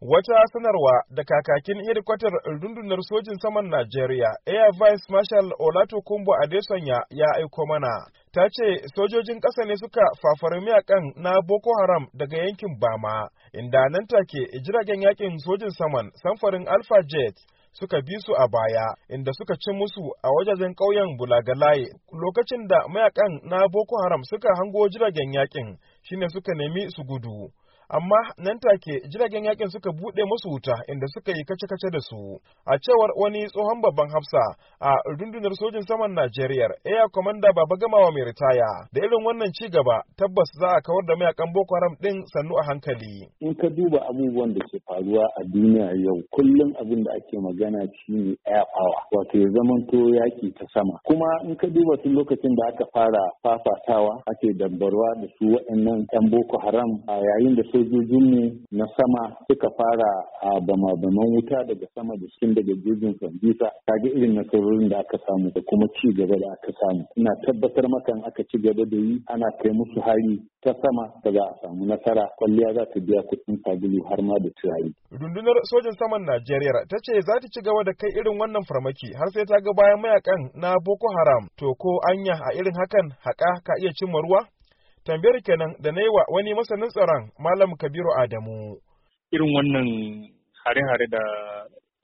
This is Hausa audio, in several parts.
Wata sanarwa da kakakin hedikwatar rundunar sojin saman Najeriya, Air Vice Marshal olato Kumbo Adesanya ya aiko mana, ta ce sojojin ƙasa ne suka fafari miyakan na Boko Haram daga yankin Bama, inda nan take jiragen yakin sojin saman samfarin Alpha Jet suka bi su a baya, inda suka ci musu a wajajen ƙauyen Bulagalaye lokacin da mayakan na Boko Haram suka hango jiragen yakin shine suka nemi su gudu. amma nan take jiragen yakin suka buɗe musu wuta inda suka yi kace-kace da su a cewar wani tsohon babban hafsa a rundunar sojin saman Najeriya Air Commander Baba Gamawa mai ritaya da irin wannan ci gaba tabbas za a kawar da mayakan Boko Haram din sannu a hankali in ka duba abubuwan da ke faruwa a duniya yau kullum abin da ake magana shine air power wato ya zamanto yaki ta sama kuma in ka duba tun lokacin da aka fara fafatawa ake dabbarwa da su waɗannan 'yan Boko Haram a yayin da su sojojinmu na sama suka fara a bama-baman wuta daga sama da cikin daga jejin sandisa ga irin nasarorin da aka samu da kuma ci gaba da aka samu ina tabbatar maka aka ci gaba da yi ana kai musu hari ta sama da za a samu nasara kwalliya za ta biya kuɗin sabulu har ma da turare. rundunar sojan saman najeriya ta ce za ta ci gaba da kai irin wannan farmaki har sai ta ga bayan mayakan na boko haram to ko anya a irin hakan haka ka iya cimma ruwa. tambayar kenan da na yi wa wani masanin tsaron malam kabiru adamu irin wannan hare-hare da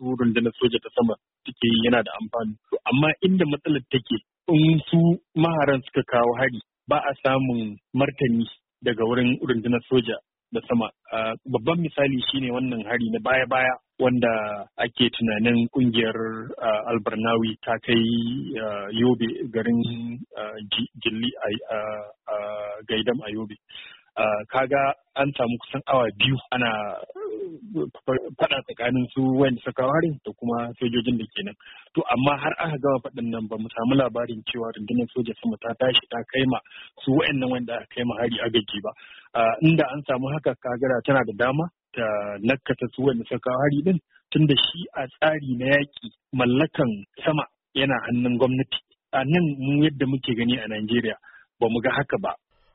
rundunar soja ta sama suke yi yana da amfani amma inda matsalar take in su maharan suka kawo hari ba a samun martani daga wurin rundunar soja da sama babban misali shine wannan hari na baya-baya wanda ake tunanin kungiyar albarnawi ta kai yobe garin gilli gaidam a yobe ah, kaga an samu kusan awa biyu ana faɗa tsakanin su wanda suka da kuma sojojin da kenan to amma har aka gama faɗin nan ba mu samu labarin cewa rundunar soja sama ta tashi ta kai ma su wa'annan wanda aka kai ma hari agaji ba ah, inda an samu haka kagara tana da dama ta nakkata su wanda suka din tunda shi a tsari na yaki mallakan sama yana hannun gwamnati a nan mu yadda muke gani a Najeriya ba mu ga haka ba